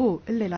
u l-lejla